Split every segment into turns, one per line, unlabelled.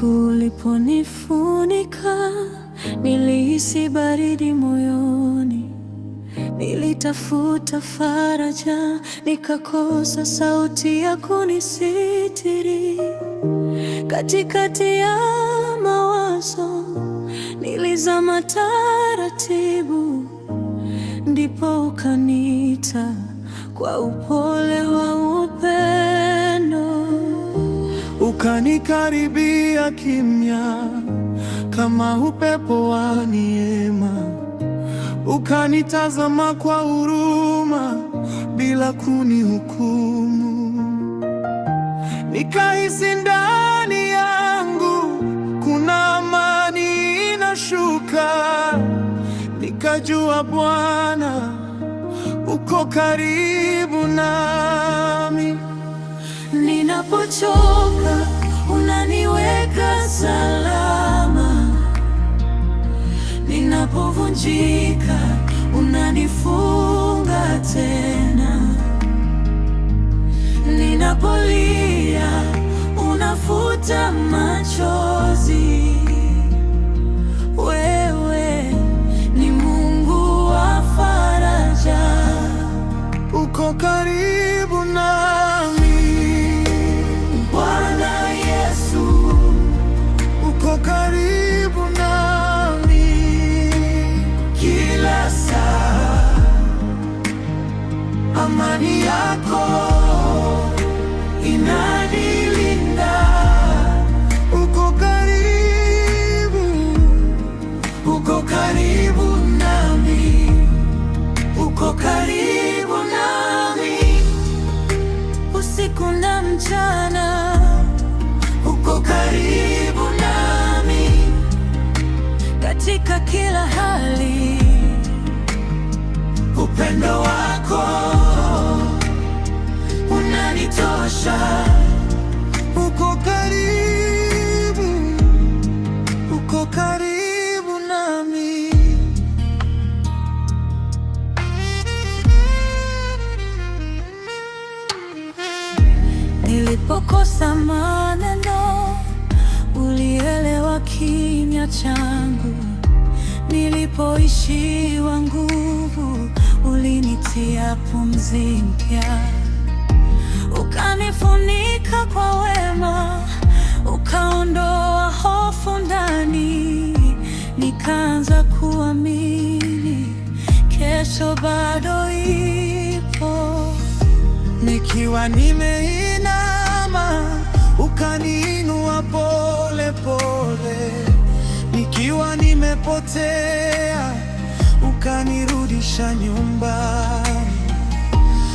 kuliponifunika uliponifunika nilihisi baridi moyoni, nilitafuta faraja nikakosa sauti ya kunisitiri. Katikati ya mawazo nilizama taratibu, ndipo ukaniita kwa upole wa upendo ukanikaribia kimya kama upepo wa neema, ukanitazama kwa huruma bila kunihukumu. Nikahisi ndani yangu kuna amani inashuka, nikajua Bwana uko karibu nami
ninapochoka unaniweka salama, ninapovunjika unanifunga tena, ninapolia unafuta katika kila hali.
Upendo wako unanitosha,
uko karibu, uko karibu nami.
Nilipokosa maneno, ulielewa kimya changu nilipoishiwa nguvu, ulinitia pumzi mpya, ukanifunika kwa wema, ukaondoa hofu ndani, nikaanza kuamini kesho bado ipo,
nikiwa nime nilipotea ukanirudisha nyumbani.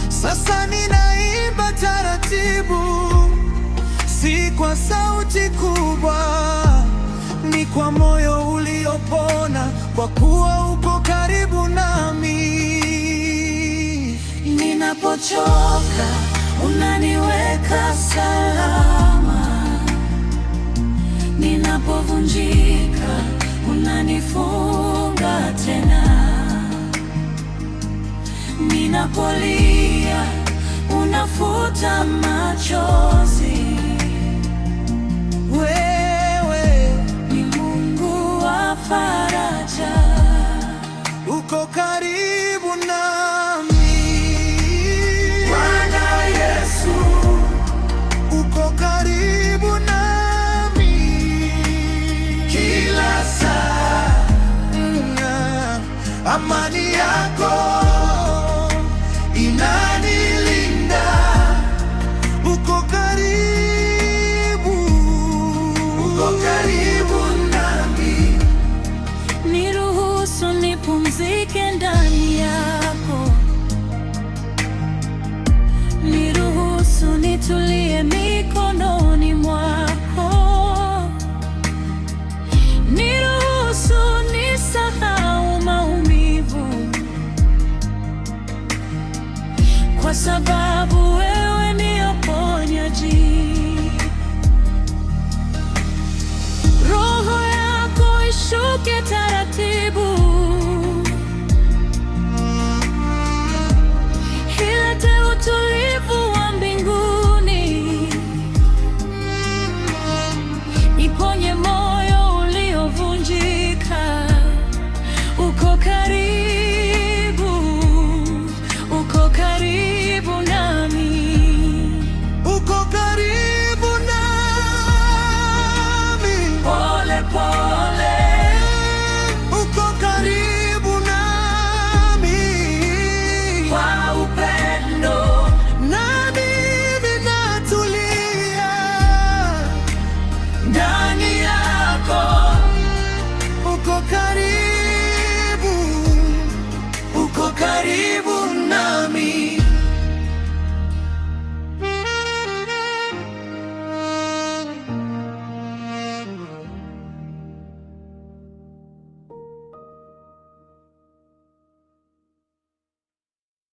Sasa ninaimba taratibu, si kwa sauti kubwa, ni kwa moyo uliopona, kwa kuwa uko karibu nami.
Ninapochoka unaniweka salama, ninapovunjika unanifunga tena, ninapolia unafuta macho
amani yako